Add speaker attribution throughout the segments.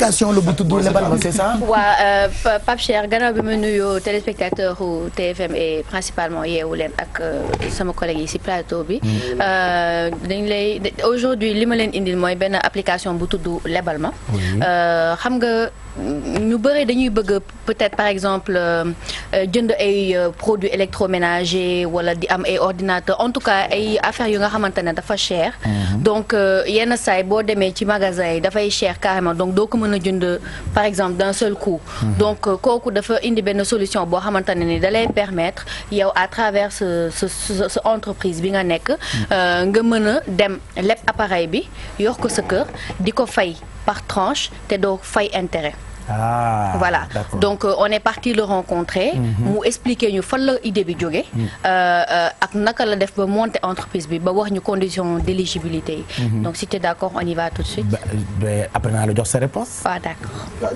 Speaker 1: application la bu tudd lebal ma c'est ça.
Speaker 2: Euh, ma nuyoo téléspectateur u TFM et principalement leen ak euh, sama collègue yi si plateau bi. Hmm. Euh, dañ lay aujourd'hui li ma leen indil mooy benn application bu tudd lebal ma. xam nga ñu bëri dañuy bëgg peut-être par exemple jënd ay produits électroménagers wala di am ay ordinateurs en tout cas ay affaires yu nga xamante ne dafa cher. Hmm. donc yenn saay boo demee ci magasin yi dafay cher carrément donc doo ko mën mën a jënd par exemple d'un seul coup. Mhm. donc euh, kooku dafa indi benn solution boo xamante ne ni dalay permettre yow à travers sa sa entreprise bi nga nekk mhm. euh, nga mën a dem lépp appareil bi yor ko sa kër di ko fay par tranche te doo fay intérêt. Ah, voilà donc euh, on est partie le rencontrer. Mhm. mu expliquer ñu fan la idée bi jógee. Mhm. Euh, euh, ak naka la def ba monte entreprise bi ba wax ñu condition d'éligibilité mhm. donc si tu es d'accord on y va tout de suite.
Speaker 1: après naa la jox sa réponse.
Speaker 2: ah d'accord. Ah,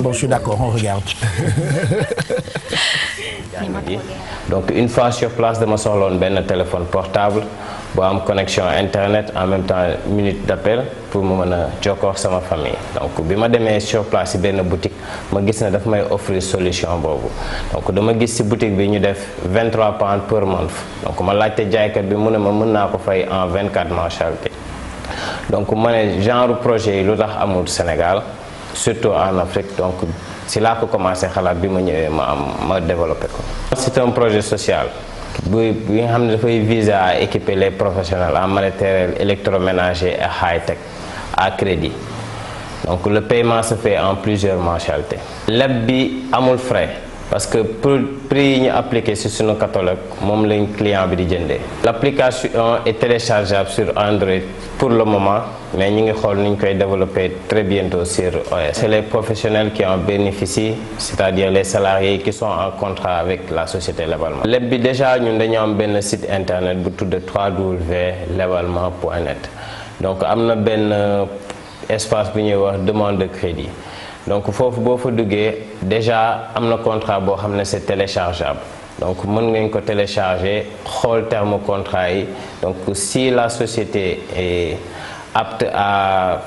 Speaker 2: bon je
Speaker 1: d'accord on regarde.
Speaker 3: jàng gi donc une fois sur place dama soxloon benn téléphone portable boo am connexion internet en même temps minute d'appel pour mu mën a jokkoo ak sama famille donc bi ma demee sur place ci benn boutique ma gis ne daf may offrir solution boobu donc dama gis ci boutique bi ñu def 23 pounds per month donc ma laajte jaaykat bi mu ne ma mën naa ko fay en 24 mensualités donc ma ne genre projet yi lu tax amul Sénégal surtout en Afrique donc si laa ko commencé xalaat bi ma ñëwee ma am ma développé ko. c'est un projet social bu bi nga xam ne dafay viser à équiper les professionnels en matériel électroménager et high-tech à crédit donc le paiement se fait en plusieurs mensualités. leb bi amul frais. parce que prix yi ñu appliqué ci suñu catalogue moom lañ client bi di jëndee. l' application est téléchargeable sur Android pour le moment mais ñu ngi xool nu ñu koy développer très bientôt sur OS. c' les professionnels qui en bénéficient c' à dire les salariés qui sont en contrat avec la société Lebalma. lépp bi déjà ñun dañu am benn site internet bu tudd www.lebalma.net donc am na benn espace bu ñuy wax demande de crédit. donc foofu boo fa duggee déjà am na contrat boo xam ne c'est téléchargeable donc mën ngeen ko télécharger xool terme contrat yi donc si la société est apte à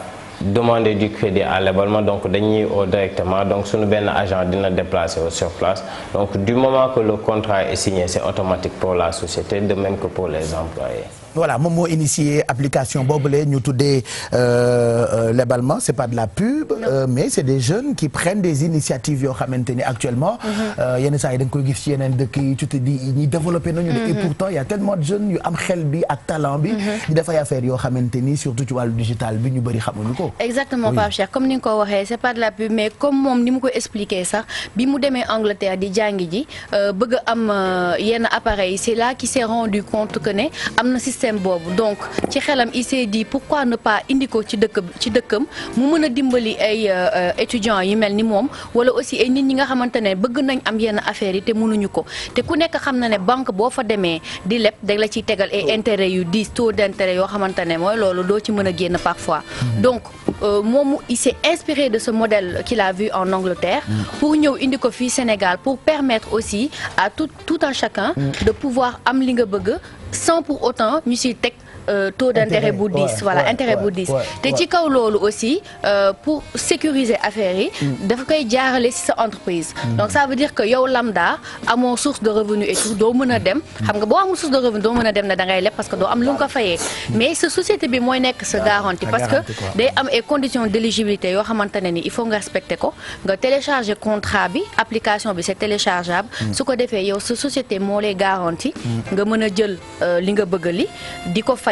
Speaker 3: demander du crédit à lebal ma donc dañuy oo directement donc suñu benn agent dina déplacer au sur place donc du moment que le contrat est signé c'est automatique pour la société de même que pour les employés
Speaker 1: voilà moom moo initié application boobule ñu tuddee euh, euh, lebalement c'est pas de la pub euh, mais c'est des jeunes qui prennent des initiatives yoo xamante ni actuellement mhm. yenn saa yi da koy gis ci yeneen dëkk yi tu te dis ñi développé nañu et mhm. pourtant il y a tellement de jeunes yu am xel bi ak talent bi di mhm. dafay affaire yoo xamante ni surtout ci wàllu digital bi ñu bëri xamuñu ko exactement Pape
Speaker 2: Cheikh comme ni nga ko waxee c'est pas de la pub mais comme moom ni mu ko expliqué sax bi mu demee Angleterre di jàngi yenn appareil c'est là qu'il s'est rendu compte que système boobu donc ci xelam il s'est pourquoi ne pas indi ko ci dëkk ci dëkkam mu mën a dimbali ay euh, euh, étudiants yi mel ni moom wala aussi ay nit ñi nga xamante ne bëgg nañ am yenn affaires yi te mënuñu ko te ku nekk xam na ne banque boo fa demee di leb da la ciy tegal ay oh. intérêt yu diis taux d'intérêt yoo xamante ne mooy loolu doo ci mën a génn parfois hmm. donc euh, moom mu s'est inspiré de ce model kila a vu en Angleterre hmm. pour ñëw indi ko fii Sénégal pour permettre aussi à tout tout un sans pour autant ñu siy teg Euh, taux d'intérêt bu diis voilà intérêt bu dis te ci kaw loolu aussi euh, pour sécuriser affaire yi mm. dafa koy jaarale si sa entreprise mm. donc sa veut dire que yow lambda amoo source de revenu et doo mën a dem mm. xam nga boo amul source de revenu doo mën a dem na da ngay leb parce que doo am lu nga ko fayee mais sa société bi mooy nekk sa ah, garantie parce que day am ay conditions d'éligibilité yoo xamante ne ni il faut nga respecter ko nga télécharger contrat bi application bi c'est téléchargeable su ko defee yow sa société moo lay garantie nga mën a jël euh, li nga bëgg li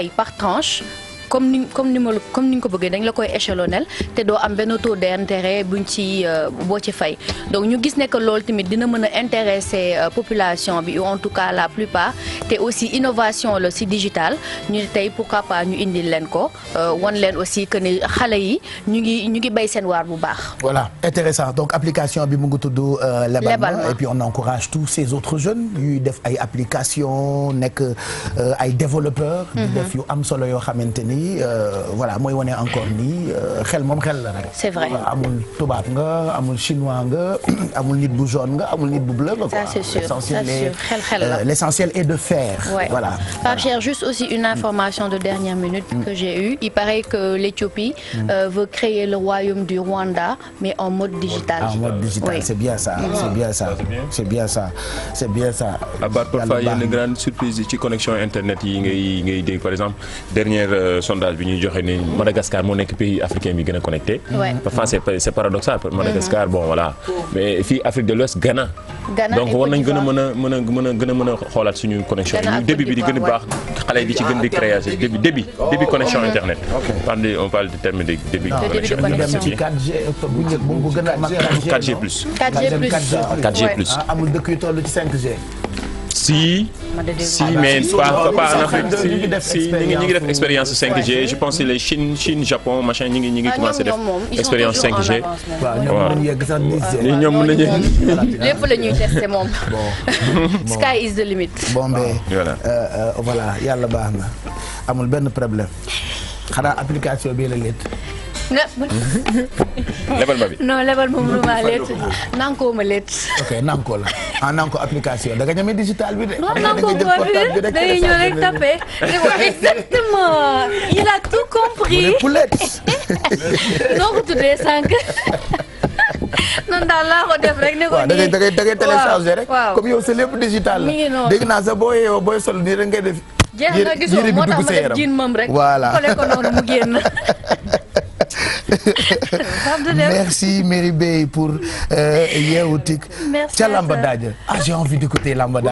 Speaker 2: par tranche comme ni comme ni ma comme ni ñu ko bëggee dañ la koy échelonel te doo am benn taux d'intérêt buñ ci euh, boo ci fay donc ñu gis ne que loolu tamit dina mën a intéresser euh, population bi en tout cas la plupart te aussi innovation la si digital ñu tey pourquoi pas ñu indi leen ko euh, wan leen aussi que ni xale yi ñu ngi ñu ngi béy seen waar bu baax.
Speaker 1: voilà intéressant donc application bi mu ngi tudd. Lebalma et puis on encourage tous ces autres jeunes yuy def ay application nekk ay développeurs. Mm-hmm. di def yu am solo yoo xamante ni. yi euh, voilà mooy wane encore nii euh, xel moom xel la rek. c'est vrai amul tubaab nga amul chinois nga amul nit bu jaune nga amul nit bu bleu nga. ça c'est sûr c'est sûr xel la euh, l'essentiel de faire. Ouais. voilà
Speaker 2: Pape de dernière minute. Mm. que j'ai eue il paraît que l'Éthiopie. Mm. Euh, veut créer le royaume du Rwanda mais en mode digital. Ah,
Speaker 1: c'est bien ça mm. c'est bien ça c'est bien ça c'est bien ça. à part parfois yenn grande surprise ci connexion internet yi ngay ngay dégg par exemple dernière. sondage bi ñuy joxe ni Madagascar moo nekk pays africain bi gën connecté. parfois c'est c'est paradoxal Madagascar mm-hmm. bon voilà mais Afrique de l'Ouest Ghana. donc war nañ gën a xoolaat suñu connexion yi débit bi di gën baax xale di ci gën di créer débit
Speaker 3: débit débit internet
Speaker 1: on g plus 4G plus ah, amul dëkk yu toll ci si si mais pas pas en si ñu ngi ñu ngi def expérience 5G je pense les Chine Chine Japon machin ñu ngi ñu ngi commencé def expérience 5G.
Speaker 2: waaw ñoom mën nañu ñoom mën nañu. moom.
Speaker 1: bon mais voilà yàlla baax na amul benn problème xanaa application bii la
Speaker 2: lebal ma bi non lebal moom lu ma leet nankoo ma leet.
Speaker 1: ok nankoo la ah nankoo application da nga digital bi de. non nankoo bi bi de dañuy ñëw rek
Speaker 2: a tout compris. noo ko tuddee sànq. noonu daal ko def rek. ne rek. comme yow sa lépp
Speaker 1: digital la. dégg naa sax boo yeewoo booy sol nii rek ngay def. jeex na gisoo moo tax ma def jiin moom rek. voilà mu
Speaker 2: génn.
Speaker 3: merci Merry pour euh, Yeewu Tic
Speaker 2: ca Lamba Daaja
Speaker 3: ah j'ai envie d'écouter Lamba Daaja